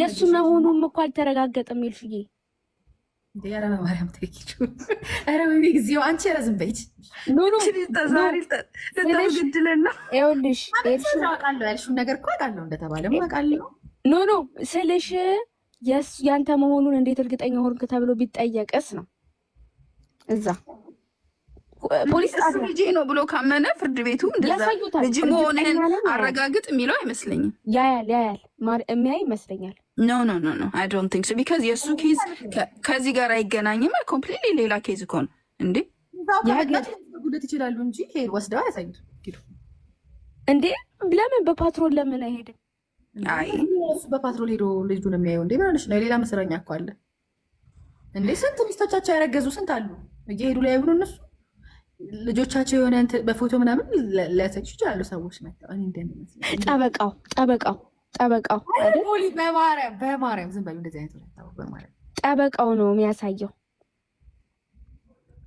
የእሱ መሆኑም እኮ አልተረጋገጠም። ይልፍዬ ኧረ በማርያም ኧረ አንቺ ይኸውልሽ ያልሽውን ነገር እኮ አውቃለሁ እንደተባለም አውቃለሁ። ስልሽ ያንተ መሆኑን እንዴት እርግጠኛ ሆንክ ተብሎ ቢጠየቅስ ነው እዛ ፖሊስ ነው ብሎ ካመነ ፍርድ ቤቱ ልጅ መሆንህን አረጋግጥ የሚለው አይመስለኝም። ያያል ያያል የሚያይ ይመስለኛል። ኖ ኖ ኖ ኖ አይ ዶንት ቲንክ ሶ ቢካዝ የእሱ ኬዝ ከዚህ ጋር አይገናኝም። ኮምፕሊትሊ ሌላ ኬዝ እኮ ነው እንዴ ጉደት ይችላሉ እንጂ ሄድ ወስደው ያሳዩት እንዴ ለምን በፓትሮል ለምን አይሄድም? አይ በፓትሮል ሄዶ ልጁ ነው የሚያየው። እንዴ ምንሽ ነው እኮ አለ እንዴ ስንት ሚስቶቻቸው ያረገዙ ስንት አሉ እየሄዱ ላይ እነሱ ልጆቻቸው የሆነ በፎቶ ምናምን ይችላሉ ሰዎች ጠበቃው ጠበቃው ጠበቃው ጠበቃው ነው የሚያሳየው።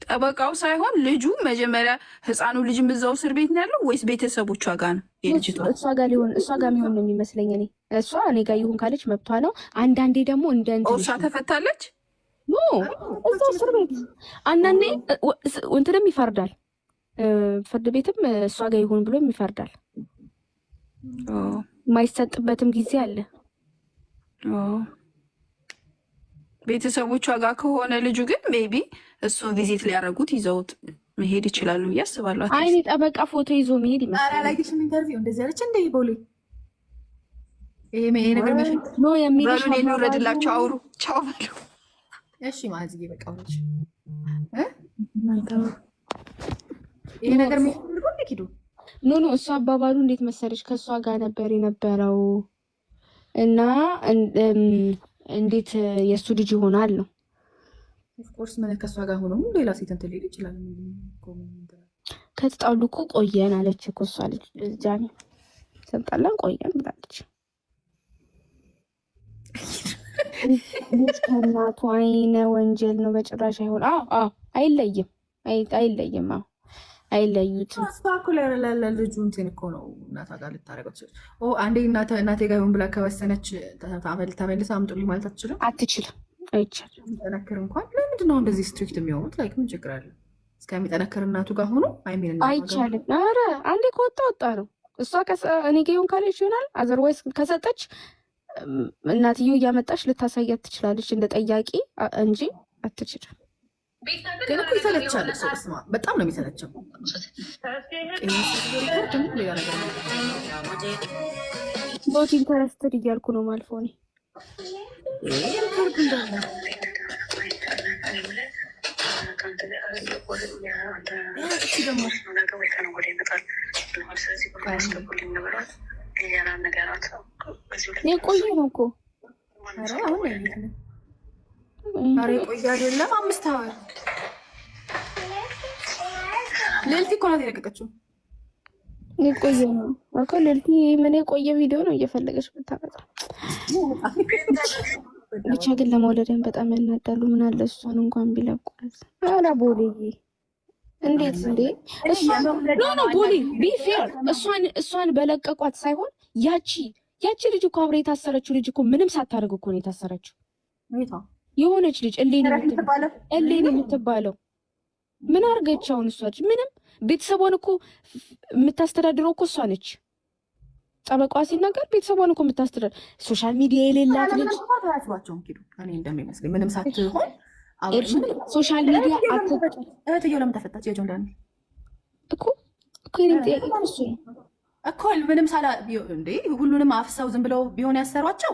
ጠበቃው ሳይሆን ልጁ መጀመሪያ ህፃኑ ልጅ እዛው እስር ቤት ነው ያለው ወይስ ቤተሰቦቿ ጋ ነው? እሷ ጋ ሊሆን እሷ ጋ የሚሆን ነው የሚመስለኝ እኔ። እሷ እኔ ጋ ይሁን ካለች መብቷ ነው። አንዳንዴ ደግሞ እንደ እሷ ተፈታለች። ኖ እዛው እስር ቤት አንዳንዴ እንትንም ይፈርዳል። ፍርድ ቤትም እሷ ጋ ይሁን ብሎም ይፈርዳል። የማይሰጥበትም ጊዜ አለ። ቤተሰቦቿ ጋር ከሆነ ልጁ ግን ሜቢ እሱ ቪዚት ሊያደርጉት ይዘውት መሄድ ይችላሉ ብዬ አስባለሁ። አይኔ ጠበቃ ፎቶ ይዞ መሄድ ይመስላልላጌሽን ኢንተርቪው እንደዚህ አለች እንደ ቦሌ የሚረድላቸው አውሩ ቻው በሉ። እሺ ማዝጌ በቃ ይሄ ነገር ሄዱ ኖ ኖ እሱ አባባሉ እንዴት መሰለች ከእሷ ጋር ነበር የነበረው እና እንዴት የእሱ ልጅ ይሆናል ነው። ኦፍኮርስ ከእሷ ጋር ሆኖ ሌላ ሴት እንትን ሊል ይችላል። ከተጣሉ እኮ ቆየን አለች እኮ እሷ ልጅ ጃኒ ሰምጣላን ቆየን ብላለች። ከእናቱ አይነ ወንጀል ነው በጭራሽ አይሆን። አይለይም፣ አይለይም አዎ አይለዩትም። ልጁ እንትን እኮ ነው እናቷ ጋር ልታረገው ትችላለች። አንዴ እናቴ ጋር ብላ ከወሰነች ተመልሳ አምጡልኝ ማለት አትችልም፣ አትችልም፣ አይቻልም። ጠነክር እንኳን ለምንድን ነው እንደዚህ ስትሪክት የሚሆኑት? ላይ ምን ችግር አለ? እስከሚጠነክር እናቱ ጋር ሆኖ አይቻልም። ኧረ አንዴ ከወጣ ወጣ ነው። እሷ እኔ ጌሆን ካለች ይሆናል። አዘርዋይስ ከሰጠች እናትየው እያመጣች ልታሳያት ትችላለች እንደ ጠያቂ እንጂ አትችልም። ግን እኮ ይሰለቻል። ስማ በጣም ነው የሚሰለቸው። ቦት ኢንተረስትድ እያልኩ ነው ማልፎ የቆየ ነው እኮ አሁን ኧረ አይደለም አምስት ሀዋር ሌልቲ እኮ ናት የለቀቀችው። የቆየ ነው አልኮ ሌልቲ ምን የቆየ ቪዲዮ ነው እየፈለገች ብታመጣ ብቻ ግን ለመውለደን በጣም ያናዳሉ። ምን አለ እሷን እንኳን ቢለቁት። አላ ቦሌዬ እንዴት እንዴ! ኖ ኖ ቦሌ ቢፌር እሷን እሷን በለቀቋት ሳይሆን ያቺ ያቺ ልጅ እኮ አብረ የታሰረችው ልጅ እኮ ምንም ሳታደርግ እኮ ነው የታሰረችው። የሆነች ልጅ እሌን የምትባለው ምን አርገች? አሁን እሷች ምንም ቤተሰቧን እኮ የምታስተዳድረው እኮ እሷ ነች። ጠበቋ ሲናገር ቤተሰቧን እኮ የምታስተዳድ ሶሻል ሚዲያ የሌላት ልጅ ምንም ሳትሆን ሶሻል ሚዲያ እህትዬው ለምን ተፈታች? የጆንዳን እኮ እኮ ጥያቄ እኮ ምንም ሳላ እንዴ ሁሉንም አፍሰው ዝም ብለው ቢሆን ያሰሯቸው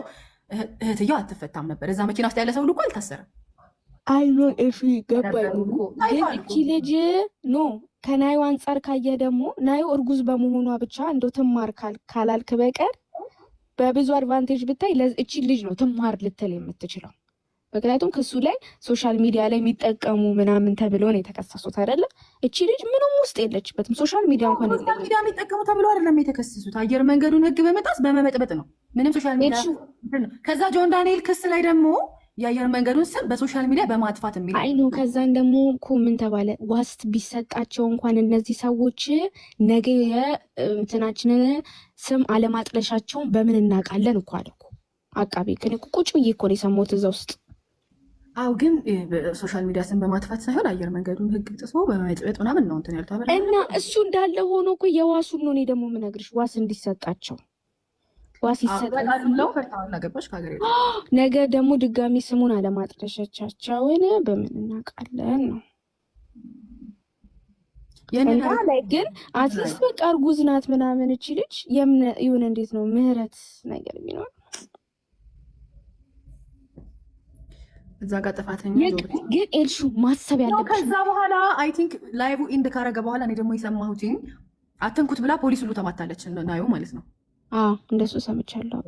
እህትየው አትፈታም ነበር። እዛ መኪና ውስጥ ያለ ሰው ልኮ አልታሰረም። አይኖን እሺ፣ ልጅ ኖ ከናዩ አንጻር ካየ ደግሞ ናዩ እርጉዝ በመሆኗ ብቻ እንደ ትማር ካላልክ በቀር በብዙ አድቫንቴጅ ብታይ እቺ ልጅ ነው ትማር ልትል የምትችለው። ምክንያቱም ክሱ ላይ ሶሻል ሚዲያ ላይ የሚጠቀሙ ምናምን ተብሎ ነው የተከሰሱት አይደለ? እቺ ልጅ ምንም ውስጥ የለችበትም። ሶሻል ሚዲያ እንኳን ሶሻል ሚዲያ የሚጠቀሙ ተብሎ አይደለም የተከሰሱት። አየር መንገዱን ህግ በመጣስ በመመጥበጥ ነው። ምንም ሶሻል ሚዲያ ከዛ ጆን ዳንኤል ክስ ላይ ደግሞ የአየር መንገዱን ስም በሶሻል ሚዲያ በማጥፋት የሚል አይ ነው። ከዛን ደግሞ እኮ ምን ተባለ? ዋስት ቢሰጣቸው እንኳን እነዚህ ሰዎች ነገ የእንትናችንን ስም አለማጥለሻቸውን በምን እናውቃለን እኮ አለ እኮ አቃቤ። ቁጭ ብዬ እኮ ነው የሰማሁት እዛ ውስጥ አው ግን ሶሻል ሚዲያ ሚዲያስን በማጥፋት ሳይሆን አየር መንገዱን ህግ ጥሶ በመጥበጥ ምናምን ነው እንትን ያልተበ እና እሱ እንዳለ ሆኖ እኮ የዋሱን ነው። እኔ ደግሞ የምነግርሽ ዋስ እንዲሰጣቸው ዋስ ይሰጣል። ነገ ደግሞ ድጋሚ ስሙን አለማጥለሸቻቸውን በምን እናውቃለን ነው እና ላይ ግን አትሊስት በቃ እርጉዝ ናት ምናምን እቺ ልጅ ይሁን እንዴት ነው ምህረት ነገር ቢኖር እዛ ጋር ጥፋተኛ ግን ኤልሹ ማሰብ ያለ ከዛ በኋላ አይ ቲንክ ላይቭ ኢንድ ካረገ በኋላ እኔ ደግሞ የሰማሁት አትንኩት ብላ ፖሊስ ሁሉ ተማታለች። ናየው ማለት ነው። እንደሱ ሰምቻለሁ።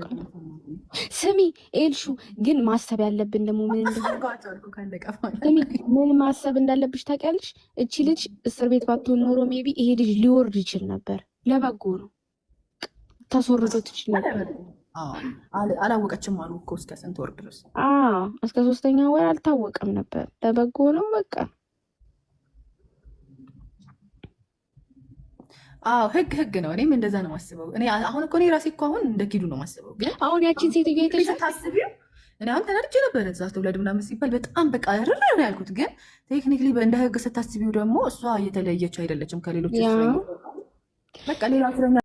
ስሚ ኤልሹ ግን ማሰብ ያለብን ደግሞ ምን ምን ማሰብ እንዳለብሽ ታውቂያለሽ? እቺ ልጅ እስር ቤት ባትሆን ኖሮ ቢ ይሄ ልጅ ሊወርድ ይችል ነበር። ለበጎ ነው። ታስወርዶ ትችል ነበር። አላወቀችም አሉ እኮ እስከ ስንት ወር ድረስ? እስከ ሶስተኛ ወር አልታወቀም ነበር። ለበጎ ነው በቃ። አዎ ህግ ህግ ነው። እኔም እንደዛ ነው ማስበው። እኔ አሁን እኮ እኔ ራሴ እኮ አሁን እንደ ኪዱ ነው ማስበው። ግን አሁን ያቺን ሴትዮ የተታስቢው እኔ አሁን ተናድጄ ነበረ እዛ ትውለድ ምናምን ሲባል በጣም በቃ ርር ነው ያልኩት። ግን ቴክኒክሊ እንደ ህግ ስታስቢው ደግሞ እሷ እየተለየች አይደለችም ከሌሎች በቃ ሌላ